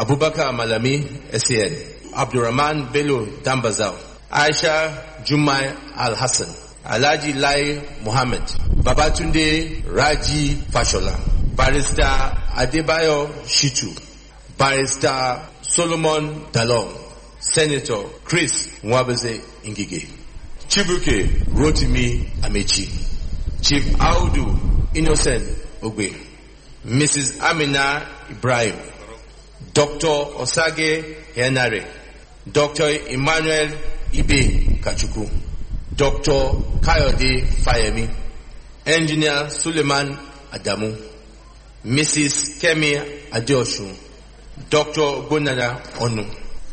Abubakar Malami SAN, Abdurrahman Bello Dambazal, Aisha Jumai Al Hassan, Alaji Lai Muhammad, Babatunde Raji Fashola, Barrister Adebayo Shitu, Barrister Solomon Dalong, Senator Chris Mwabeze Ingige, Chibuke Rotimi Amechi, Chief Audu Innocent Ogwe, Mrs. Amina Ibrahim, Dr. Osage Henare, Dr. Emmanuel Ibe Kachuku, Dr. Kayode Fayemi, Engineer Suleiman Adamu, Mrs. Kemi Adeosu, Dr. Gonada Onu,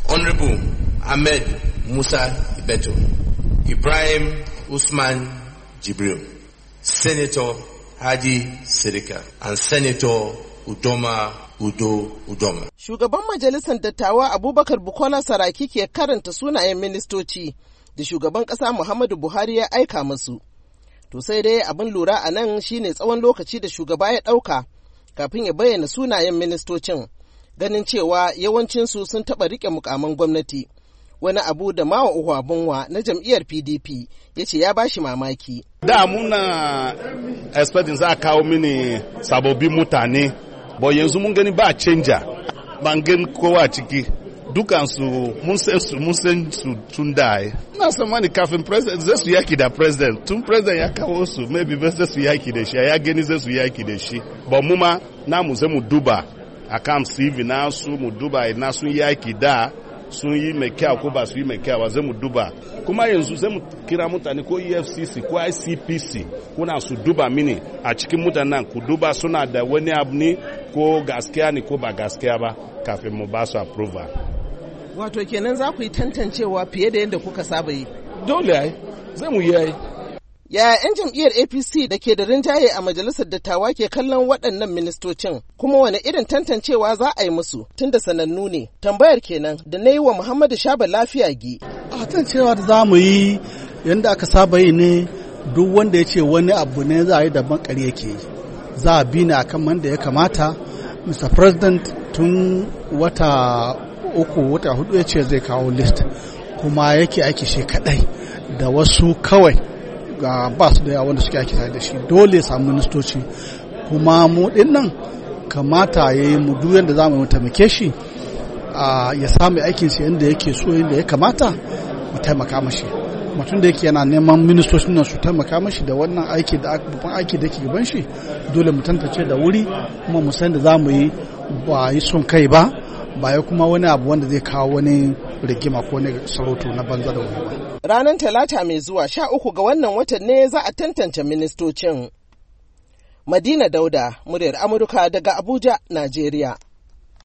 Honorable Ahmed Musa Ibeto, Ibrahim Usman Jibril, Senator Hadi Sirika, and Senator udoma udo udoma. Shugaban majalisar dattawa Abubakar Bukola Saraki ke karanta sunayen ministoci da shugaban ƙasa Muhammadu Buhari ya aika masu. To sai dai abin lura a nan shine tsawon lokaci da shugaba ya ɗauka kafin ya bayyana sunayen ministocin ganin cewa yawancinsu sun taɓa riƙe mukaman gwamnati. wani abu da mawa uhwabunwa na jam'iyyar pdp ya ce ya bashi mamaki da muna expecting za a kawo mini sababbin mutane ba yanzu mun gani ba canja ban gani kowa ciki dukansu mun san su mun san su tun da ai ina tsammani kafin president zai su yaki da president tun president ya kawo su maybe ba zai su yaki da shi ya gani zai su yaki da shi ba mu ma namu zai mu duba akan CV nasu mu duba na sun yaki da sun yi mai kyau ko ba su yi mai kyau ba zai mu duba kuma yanzu zai mu kira mutane ko efcc ko icpc kuna su duba mini a cikin mutanen ku duba suna da wani abu ne ko gaskiya ne ko ba gaskiya ba kafin mu ba su approval wato kenan za ku yi tantancewa fiye da yadda kuka saba yi dole ai zai mu yi ai Yaya 'yan jam'iyyar APC da ke da rinjaye a majalisar dattawa ke kallon waɗannan ministocin kuma wani irin tantancewa za a yi musu tun da sanannu ne tambayar kenan da na yi wa Muhammadu Shaba lafiya gi. A tantancewa da za mu yi yadda aka saba yi ne duk wanda ya ce wani abu ne za a yi daban ƙari yake Za a bi ne akan wanda ya kamata. Mr. President tun wata uku wata hudu ya ce zai kawo list kuma yake aiki shi kaɗai da wasu kawai ga bas da yawon da suke aiki tare da shi dole samu ministoci kuma mu din nan kamata ya yi mu duk yadda za mu taimake shi ya samu aikin sa yadda yake so yadda ya kamata mu taimaka mashi mutum da yake yana neman ministocin nan su taimaka mashi da wannan aiki da babban aiki da ke gaban shi dole mu tantance da wuri kuma mu san da za mu yi ba yi son kai ba ba ya kuma wani abu wanda zai kawo wani rigima ko na sarautu na banza da wani Ranar Talata mai zuwa sha uku ga wannan watan ne za a tantance ministocin. Madina Dauda, muryar Amurka daga Abuja, Najeriya.